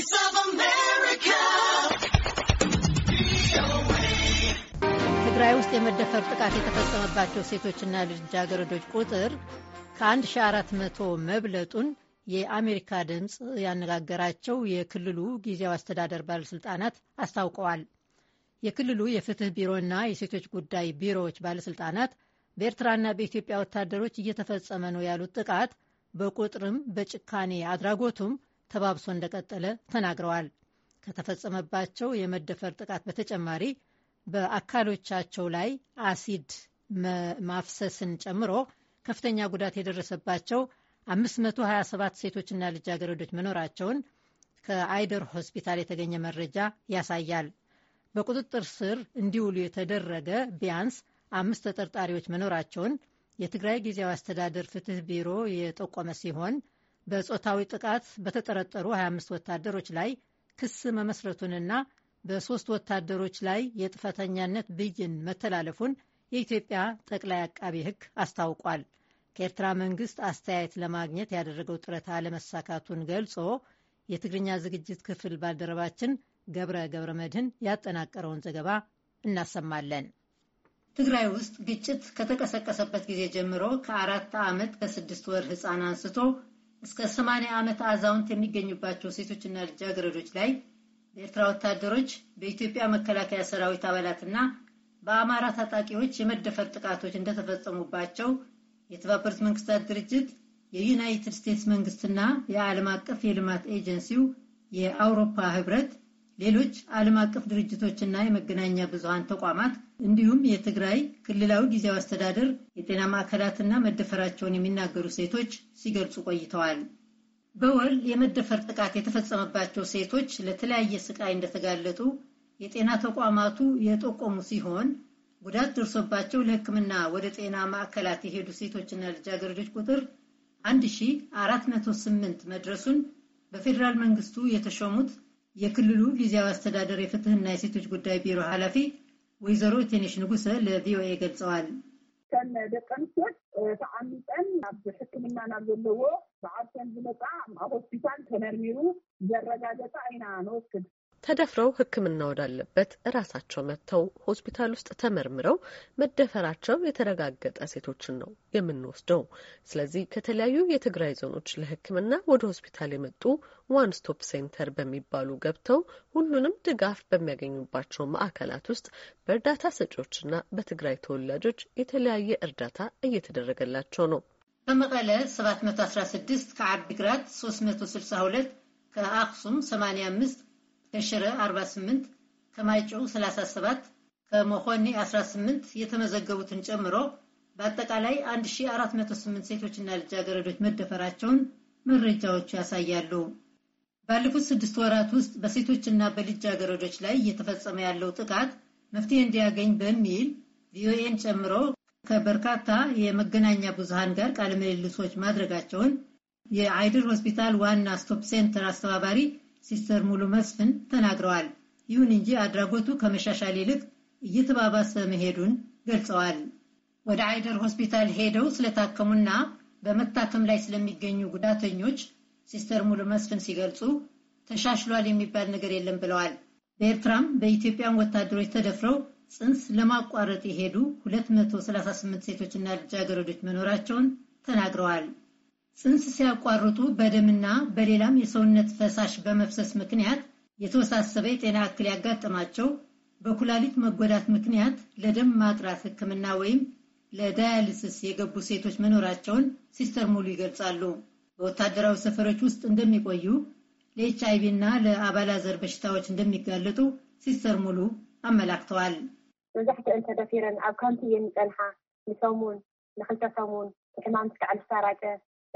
Voice of America. ትግራይ ውስጥ የመደፈር ጥቃት የተፈጸመባቸው ሴቶችና ልጃገረዶች ቁጥር ከ1400 መብለጡን የአሜሪካ ድምፅ ያነጋገራቸው የክልሉ ጊዜያዊ አስተዳደር ባለሥልጣናት አስታውቀዋል። የክልሉ የፍትህ ቢሮና የሴቶች ጉዳይ ቢሮዎች ባለሥልጣናት በኤርትራና በኢትዮጵያ ወታደሮች እየተፈጸመ ነው ያሉት ጥቃት በቁጥርም በጭካኔ አድራጎቱም ተባብሶ እንደቀጠለ ተናግረዋል። ከተፈጸመባቸው የመደፈር ጥቃት በተጨማሪ በአካሎቻቸው ላይ አሲድ ማፍሰስን ጨምሮ ከፍተኛ ጉዳት የደረሰባቸው 527 ሴቶችና ልጃገረዶች መኖራቸውን ከአይደር ሆስፒታል የተገኘ መረጃ ያሳያል። በቁጥጥር ስር እንዲውሉ የተደረገ ቢያንስ አምስት ተጠርጣሪዎች መኖራቸውን የትግራይ ጊዜያዊ አስተዳደር ፍትህ ቢሮ የጠቆመ ሲሆን በጾታዊ ጥቃት በተጠረጠሩ 25 ወታደሮች ላይ ክስ መመስረቱንና በሦስት ወታደሮች ላይ የጥፈተኛነት ብይን መተላለፉን የኢትዮጵያ ጠቅላይ አቃቢ ሕግ አስታውቋል። ከኤርትራ መንግስት አስተያየት ለማግኘት ያደረገው ጥረት አለመሳካቱን ገልጾ የትግርኛ ዝግጅት ክፍል ባልደረባችን ገብረ ገብረ መድህን ያጠናቀረውን ዘገባ እናሰማለን። ትግራይ ውስጥ ግጭት ከተቀሰቀሰበት ጊዜ ጀምሮ ከአራት ዓመት ከስድስት ወር ህፃን አንስቶ እስከ 80 ዓመት አዛውንት የሚገኙባቸው ሴቶችና ልጃገረዶች ላይ በኤርትራ ወታደሮች፣ በኢትዮጵያ መከላከያ ሰራዊት አባላትና በአማራ ታጣቂዎች የመደፈር ጥቃቶች እንደተፈጸሙባቸው የተባበሩት መንግስታት ድርጅት የዩናይትድ ስቴትስ መንግስትና የዓለም አቀፍ የልማት ኤጀንሲው የአውሮፓ ህብረት ሌሎች ዓለም አቀፍ ድርጅቶችና የመገናኛ ብዙሃን ተቋማት እንዲሁም የትግራይ ክልላዊ ጊዜያዊ አስተዳደር የጤና ማዕከላትና መደፈራቸውን የሚናገሩ ሴቶች ሲገልጹ ቆይተዋል። በወል የመደፈር ጥቃት የተፈጸመባቸው ሴቶች ለተለያየ ስቃይ እንደተጋለጡ የጤና ተቋማቱ የጠቆሙ ሲሆን ጉዳት ደርሶባቸው ለሕክምና ወደ ጤና ማዕከላት የሄዱ ሴቶችና ልጃገረዶች ቁጥር 1408 መድረሱን በፌዴራል መንግስቱ የተሾሙት የክልሉ ጊዜያዊ አስተዳደር የፍትህና የሴቶች ጉዳይ ቢሮ ኃላፊ ወይዘሮ ቴኒሽ ንጉሰ ለቪኦኤ ገልጸዋል። እተን ደቂ ኣንስትዮ ተዓሚፀን ናብ ሕክምና ናብ ዘለዎ ብዓርሰን ዝመፃ ኣብ ሆስፒታል ተመርሚሩ ዘረጋገፀ ኢና ንወስድ ተደፍረው ሕክምና ወዳለበት እራሳቸው መጥተው ሆስፒታል ውስጥ ተመርምረው መደፈራቸው የተረጋገጠ ሴቶችን ነው የምንወስደው። ስለዚህ ከተለያዩ የትግራይ ዞኖች ለሕክምና ወደ ሆስፒታል የመጡ ዋን ስቶፕ ሴንተር በሚባሉ ገብተው ሁሉንም ድጋፍ በሚያገኙባቸው ማዕከላት ውስጥ በእርዳታ ሰጪዎችና በትግራይ ተወላጆች የተለያየ እርዳታ እየተደረገላቸው ነው። በመቀለ 716 ከዓዲግራት 362 ከአክሱም 85 ከሽረ 48 ከማይጨው 37 ከመኾኔ 18 የተመዘገቡትን ጨምሮ በአጠቃላይ 1408 ሴቶችና ልጃገረዶች መደፈራቸውን መረጃዎቹ ያሳያሉ። ባለፉት ስድስት ወራት ውስጥ በሴቶችና በልጃገረዶች ላይ እየተፈጸመ ያለው ጥቃት መፍትሄ እንዲያገኝ በሚል ቪኦኤን ጨምሮ ከበርካታ የመገናኛ ብዙሃን ጋር ቃለ ምልልሶች ማድረጋቸውን የአይድር ሆስፒታል ዋና ስቶፕ ሴንተር አስተባባሪ ሲስተር ሙሉ መስፍን ተናግረዋል። ይሁን እንጂ አድራጎቱ ከመሻሻል ይልቅ እየተባባሰ መሄዱን ገልጸዋል። ወደ አይደር ሆስፒታል ሄደው ስለታከሙና በመታከም ላይ ስለሚገኙ ጉዳተኞች ሲስተር ሙሉ መስፍን ሲገልጹ ተሻሽሏል የሚባል ነገር የለም ብለዋል። በኤርትራም በኢትዮጵያን ወታደሮች ተደፍረው ጽንስ ለማቋረጥ የሄዱ 238 ሴቶችና ልጃገረዶች መኖራቸውን ተናግረዋል። ጽንስ ሲያቋርጡ በደምና በሌላም የሰውነት ፈሳሽ በመፍሰስ ምክንያት የተወሳሰበ የጤና እክል ያጋጠማቸው፣ በኩላሊት መጎዳት ምክንያት ለደም ማጥራት ሕክምና ወይም ለዳያልስስ የገቡ ሴቶች መኖራቸውን ሲስተር ሙሉ ይገልጻሉ። በወታደራዊ ሰፈሮች ውስጥ እንደሚቆዩ፣ ለኤች አይቪ እና ለአባላዘር በሽታዎች እንደሚጋለጡ ሲስተር ሙሉ አመላክተዋል። መብዛሕትኡ እንተደፊረን ኣብ ካንቲ እየን ንሰሙን ንክልተ ሰሙን ሕማም ክሳዕ ዝሳራጨ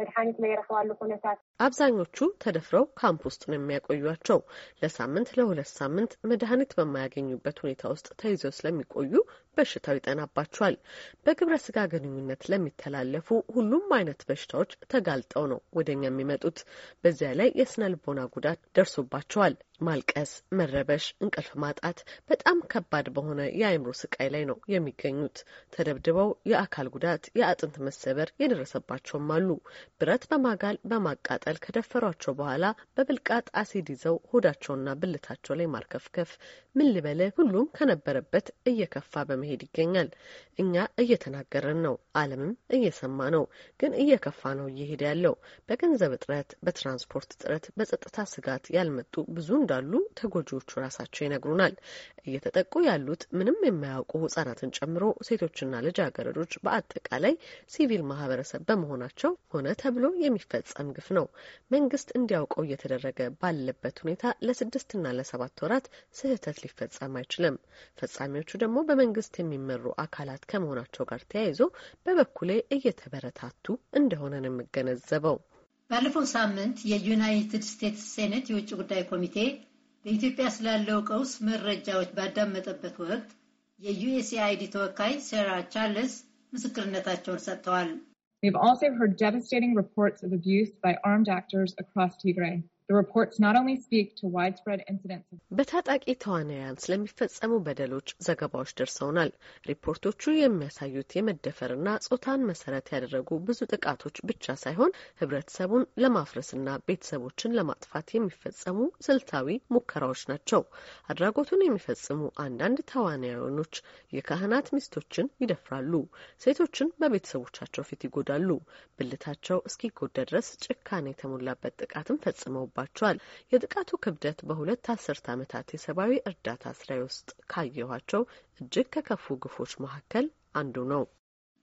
መድኃኒት ላይ ረፈዋሉ ሁነታት አብዛኞቹ ተደፍረው ካምፕ ውስጥ ነው የሚያቆዩቸው። ለሳምንት ለሁለት ሳምንት መድኃኒት በማያገኙበት ሁኔታ ውስጥ ተይዘው ስለሚቆዩ በሽታው ይጠናባቸዋል። በግብረ ስጋ ግንኙነት ለሚተላለፉ ሁሉም አይነት በሽታዎች ተጋልጠው ነው ወደ የሚመጡት። በዚያ ላይ የስነ ልቦና ጉዳት ደርሶባቸዋል። ማልቀስ፣ መረበሽ፣ እንቅልፍ ማጣት በጣም ከባድ በሆነ የአእምሮ ስቃይ ላይ ነው የሚገኙት። ተደብድበው የአካል ጉዳት፣ የአጥንት መሰበር የደረሰባቸውም አሉ። ብረት በማጋል በማቃጠል ከደፈሯቸው በኋላ በብልቃጥ አሲድ ይዘው ሆዳቸውና ብልታቸው ላይ ማርከፍከፍ፣ ምን ልበለ ሁሉም ከነበረበት እየከፋ በመ መሄድ ይገኛል። እኛ እየተናገረን ነው፣ ዓለምም እየሰማ ነው። ግን እየከፋ ነው እየሄደ ያለው። በገንዘብ እጥረት፣ በትራንስፖርት እጥረት፣ በጸጥታ ስጋት ያልመጡ ብዙ እንዳሉ ተጎጂዎቹ ራሳቸው ይነግሩናል። እየተጠቁ ያሉት ምንም የማያውቁ ህጻናትን ጨምሮ ሴቶችና ልጃገረዶች በአጠቃላይ ሲቪል ማህበረሰብ በመሆናቸው ሆነ ተብሎ የሚፈጸም ግፍ ነው። መንግስት እንዲያውቀው እየተደረገ ባለበት ሁኔታ ለስድስትና ለሰባት ወራት ስህተት ሊፈጸም አይችልም። ፈጻሚዎቹ ደግሞ በመንግስት መንግስት የሚመሩ አካላት ከመሆናቸው ጋር ተያይዞ በበኩሌ እየተበረታቱ እንደሆነ ነው የምገነዘበው። ባለፈው ሳምንት የዩናይትድ ስቴትስ ሴኔት የውጭ ጉዳይ ኮሚቴ በኢትዮጵያ ስላለው ቀውስ መረጃዎች ባዳመጠበት ወቅት የዩኤስኤአይዲ ተወካይ ሴራ ቻርልስ ምስክርነታቸውን ሰጥተዋል። We've also heard devastating reports of abuse by armed actors across Tigray. በታጣቂ ተዋናያን ስለሚፈጸሙ በደሎች ዘገባዎች ደርሰውናል። ሪፖርቶቹ የሚያሳዩት የመደፈርና ጾታን መሰረት ያደረጉ ብዙ ጥቃቶች ብቻ ሳይሆን ህብረተሰቡን ለማፍረስና ቤተሰቦችን ለማጥፋት የሚፈጸሙ ስልታዊ ሙከራዎች ናቸው። አድራጎቱን የሚፈጽሙ አንዳንድ ተዋናያኖች የካህናት ሚስቶችን ይደፍራሉ። ሴቶችን በቤተሰቦቻቸው ፊት ይጎዳሉ። ብልታቸው እስኪጎዳ ድረስ ጭካኔ የተሞላበት ጥቃትም ፈጽመው ደርሶባቸዋል። የጥቃቱ ክብደት በሁለት አስርት ዓመታት የሰብአዊ እርዳታ ስራዬ ውስጥ ካየኋቸው እጅግ ከከፉ ግፎች መካከል አንዱ ነው።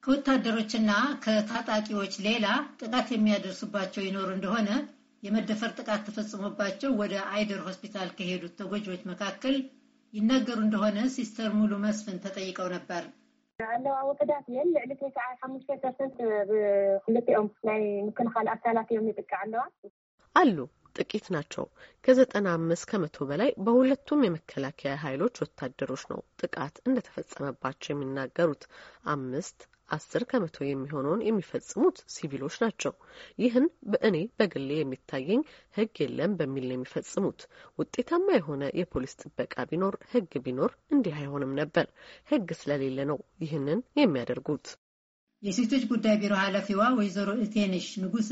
ከወታደሮችና ከታጣቂዎች ሌላ ጥቃት የሚያደርሱባቸው ይኖሩ እንደሆነ የመደፈር ጥቃት ተፈጽሞባቸው ወደ አይደር ሆስፒታል ከሄዱት ተጎጂዎች መካከል ይነገሩ እንደሆነ ሲስተር ሙሉ መስፍን ተጠይቀው ነበር። ኣለዋወቅዳት እየን ልዕሊ ተሰዓ ሓሙሽተ ፐርሰንት ብክልቲኦም ናይ ምክልኻል ኣካላት እዮም ይጥቃዕ ኣለዋ አሉ ጥቂት ናቸው። ከዘጠና አምስት ከመቶ በላይ በሁለቱም የመከላከያ ኃይሎች ወታደሮች ነው ጥቃት እንደተፈጸመባቸው የሚናገሩት። አምስት አስር ከመቶ የሚሆነውን የሚፈጽሙት ሲቪሎች ናቸው። ይህን በእኔ በግሌ የሚታየኝ ሕግ የለም በሚል ነው የሚፈጽሙት። ውጤታማ የሆነ የፖሊስ ጥበቃ ቢኖር ሕግ ቢኖር እንዲህ አይሆንም ነበር። ሕግ ስለሌለ ነው ይህንን የሚያደርጉት። የሴቶች ጉዳይ ቢሮ ኃላፊዋ ወይዘሮ እቴንሽ ንጉሰ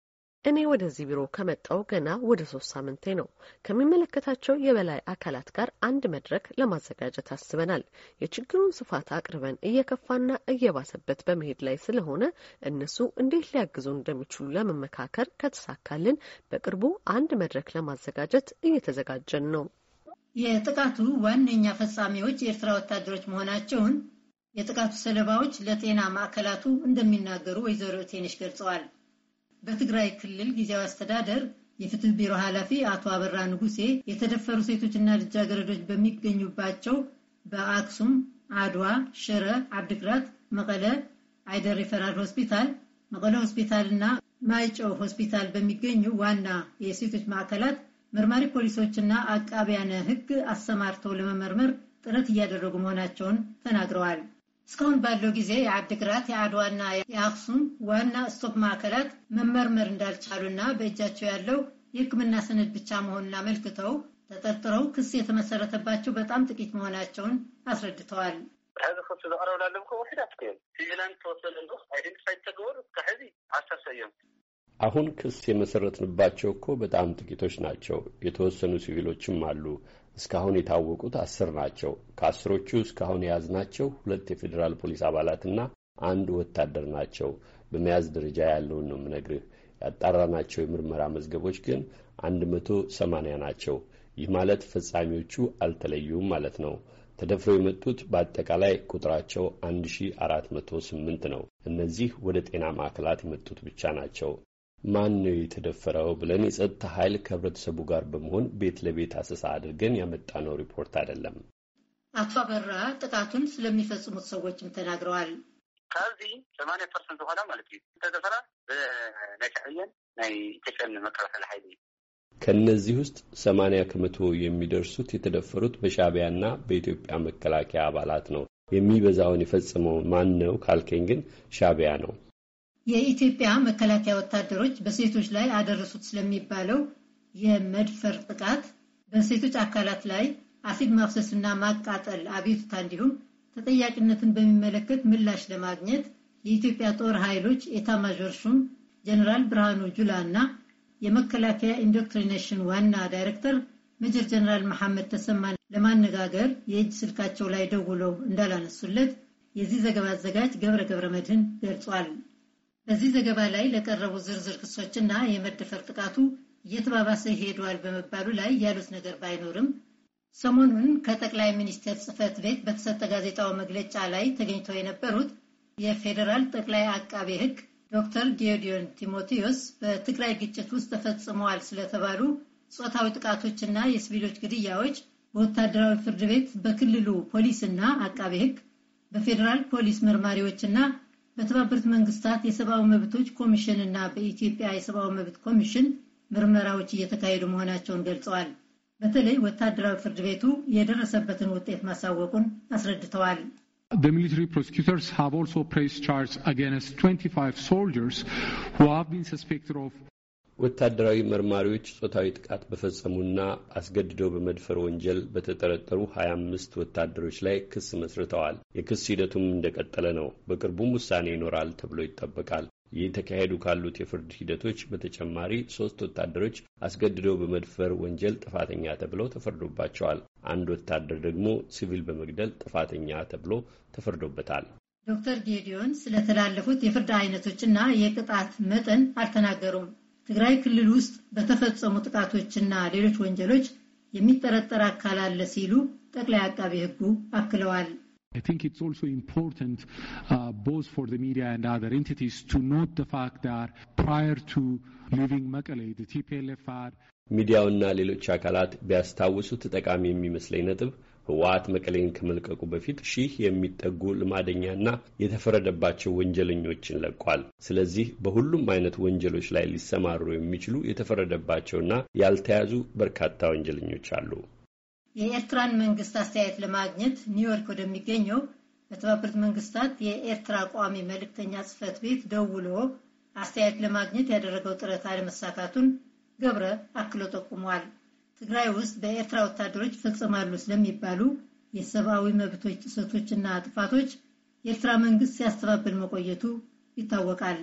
እኔ ወደዚህ ቢሮ ከመጣው ገና ወደ ሶስት ሳምንቴ ነው። ከሚመለከታቸው የበላይ አካላት ጋር አንድ መድረክ ለማዘጋጀት አስበናል። የችግሩን ስፋት አቅርበን እየከፋና እየባሰበት በመሄድ ላይ ስለሆነ እነሱ እንዴት ሊያግዙ እንደሚችሉ ለመመካከር ከተሳካልን በቅርቡ አንድ መድረክ ለማዘጋጀት እየተዘጋጀን ነው። የጥቃቱ ዋነኛ ፈጻሚዎች የኤርትራ ወታደሮች መሆናቸውን የጥቃቱ ሰለባዎች ለጤና ማዕከላቱ እንደሚናገሩ ወይዘሮ ቴንሽ ገልጸዋል። በትግራይ ክልል ጊዜያዊ አስተዳደር የፍትህ ቢሮ ኃላፊ አቶ አበራ ንጉሴ የተደፈሩ ሴቶችና ልጃገረዶች በሚገኙባቸው በአክሱም፣ አድዋ፣ ሽረ፣ አድግራት፣ መቀለ አይደር ሪፈራል ሆስፒታል፣ መቀለ ሆስፒታል ማይጨው ሆስፒታል በሚገኙ ዋና የሴቶች ማዕከላት መርማሪ ፖሊሶችና አቃቢያነ ሕግ አሰማርተው ለመመርመር ጥረት እያደረጉ መሆናቸውን ተናግረዋል። እስካሁን ባለው ጊዜ የአድግራት፣ የአድዋና የአክሱም ዋና ስቶፕ ማዕከላት መመርመር እንዳልቻሉና በእጃቸው ያለው የሕክምና ሰነድ ብቻ መሆኑን አመልክተው ተጠርጥረው ክስ የተመሰረተባቸው በጣም ጥቂት መሆናቸውን አስረድተዋል። አሁን ክስ የመሰረትንባቸው እኮ በጣም ጥቂቶች ናቸው። የተወሰኑ ሲቪሎችም አሉ። እስካሁን የታወቁት አስር ናቸው። ከአስሮቹ እስካሁን የያዝናቸው ሁለት የፌዴራል ፖሊስ አባላትና አንድ ወታደር ናቸው። በመያዝ ደረጃ ያለውን ነው የምነግርህ። ያጣራናቸው የምርመራ መዝገቦች ግን አንድ መቶ ሰማንያ ናቸው። ይህ ማለት ፈጻሚዎቹ አልተለዩም ማለት ነው። ተደፍረው የመጡት በአጠቃላይ ቁጥራቸው 1408 ነው። እነዚህ ወደ ጤና ማዕከላት የመጡት ብቻ ናቸው። ማን ነው የተደፈረው ብለን የጸጥታ ኃይል ከህብረተሰቡ ጋር በመሆን ቤት ለቤት አሰሳ አድርገን ያመጣነው ሪፖርት አይደለም። አቶ አበራ ጥቃቱን ስለሚፈጽሙት ሰዎችም ተናግረዋል። ካብዚ ሰማንያ ፐርሰንት ዝኮና ማለት እዩ እንተዘፈራ ብናይ ናይ ኢትዮጵያን መከላከል ሓይሊ እዩ ከእነዚህ ውስጥ ሰማንያ ከመቶ የሚደርሱት የተደፈሩት በሻዕቢያና በኢትዮጵያ መከላከያ አባላት ነው። የሚበዛውን የፈጸመው ማን ነው ካልከኝ ግን ሻቢያ ነው። የኢትዮጵያ መከላከያ ወታደሮች በሴቶች ላይ አደረሱት ስለሚባለው የመድፈር ጥቃት በሴቶች አካላት ላይ አሲድ ማፍሰስና ማቃጠል አቤቱታ እንዲሁም ተጠያቂነትን በሚመለከት ምላሽ ለማግኘት የኢትዮጵያ ጦር ኃይሎች ኤታማዦር ሹም ጀኔራል ብርሃኑ ጁላ እና የመከላከያ ኢንዶክትሪኔሽን ዋና ዳይሬክተር ሜጀር ጀኔራል መሐመድ ተሰማን ለማነጋገር የእጅ ስልካቸው ላይ ደውለው እንዳላነሱለት የዚህ ዘገባ አዘጋጅ ገብረ ገብረ መድህን ገልጿል። በዚህ ዘገባ ላይ ለቀረቡ ዝርዝር ክሶችና የመደፈር ጥቃቱ እየተባባሰ ይሄደዋል በመባሉ ላይ ያሉት ነገር ባይኖርም ሰሞኑን ከጠቅላይ ሚኒስቴር ጽህፈት ቤት በተሰጠ ጋዜጣዊ መግለጫ ላይ ተገኝተው የነበሩት የፌዴራል ጠቅላይ አቃቤ ሕግ ዶክተር ጌዲዮን ቲሞቴዎስ በትግራይ ግጭት ውስጥ ተፈጽመዋል ስለተባሉ ጾታዊ ጥቃቶችና የሲቪሎች ግድያዎች በወታደራዊ ፍርድ ቤት በክልሉ ፖሊስና አቃቤ ሕግ በፌዴራል ፖሊስ መርማሪዎችና በተባበሩት መንግስታት የሰብአዊ መብቶች ኮሚሽን እና በኢትዮጵያ የሰብአዊ መብት ኮሚሽን ምርመራዎች እየተካሄዱ መሆናቸውን ገልጸዋል። በተለይ ወታደራዊ ፍርድ ቤቱ የደረሰበትን ውጤት ማሳወቁን አስረድተዋል። ሚሊታሪ ፕሮሲኪውተርስ ሃቭ ኦልሶ ፕሬስድ ቻርጅስ አጌንስት 25 ሶልጀርስ ሁ ሃቭ ቢን ሰስፔክትድ ኦፍ ወታደራዊ መርማሪዎች ጾታዊ ጥቃት በፈጸሙና አስገድደው በመድፈር ወንጀል በተጠረጠሩ 25 ወታደሮች ላይ ክስ መስርተዋል። የክስ ሂደቱም እንደቀጠለ ነው። በቅርቡም ውሳኔ ይኖራል ተብሎ ይጠበቃል። እየተካሄዱ ካሉት የፍርድ ሂደቶች በተጨማሪ ሶስት ወታደሮች አስገድደው በመድፈር ወንጀል ጥፋተኛ ተብለው ተፈርዶባቸዋል። አንድ ወታደር ደግሞ ሲቪል በመግደል ጥፋተኛ ተብሎ ተፈርዶበታል። ዶክተር ጌዲዮን ስለተላለፉት የፍርድ አይነቶችና የቅጣት መጠን አልተናገሩም። ትግራይ ክልል ውስጥ በተፈጸሙ ጥቃቶችና ሌሎች ወንጀሎች የሚጠረጠር አካል አለ ሲሉ ጠቅላይ አቃቢ ሕጉ አክለዋል። ሚዲያውና uh, ሌሎች አካላት ቢያስታውሱት ጠቃሚ የሚመስለኝ ነጥብ ህወሓት መቀሌን ከመልቀቁ በፊት ሺህ የሚጠጉ ልማደኛና የተፈረደባቸው ወንጀለኞችን ለቋል። ስለዚህ በሁሉም አይነት ወንጀሎች ላይ ሊሰማሩ የሚችሉ የተፈረደባቸውና ያልተያዙ በርካታ ወንጀለኞች አሉ። የኤርትራን መንግስት አስተያየት ለማግኘት ኒውዮርክ ወደሚገኘው በተባበሩት መንግስታት የኤርትራ ቋሚ መልእክተኛ ጽህፈት ቤት ደውሎ አስተያየት ለማግኘት ያደረገው ጥረት አለመሳካቱን ገብረ አክሎ ጠቁሟል። ትግራይ ውስጥ በኤርትራ ወታደሮች ፈጽማሉ ስለሚባሉ የሰብአዊ መብቶች ጥሰቶችና ጥፋቶች የኤርትራ መንግስት ሲያስተባብል መቆየቱ ይታወቃል።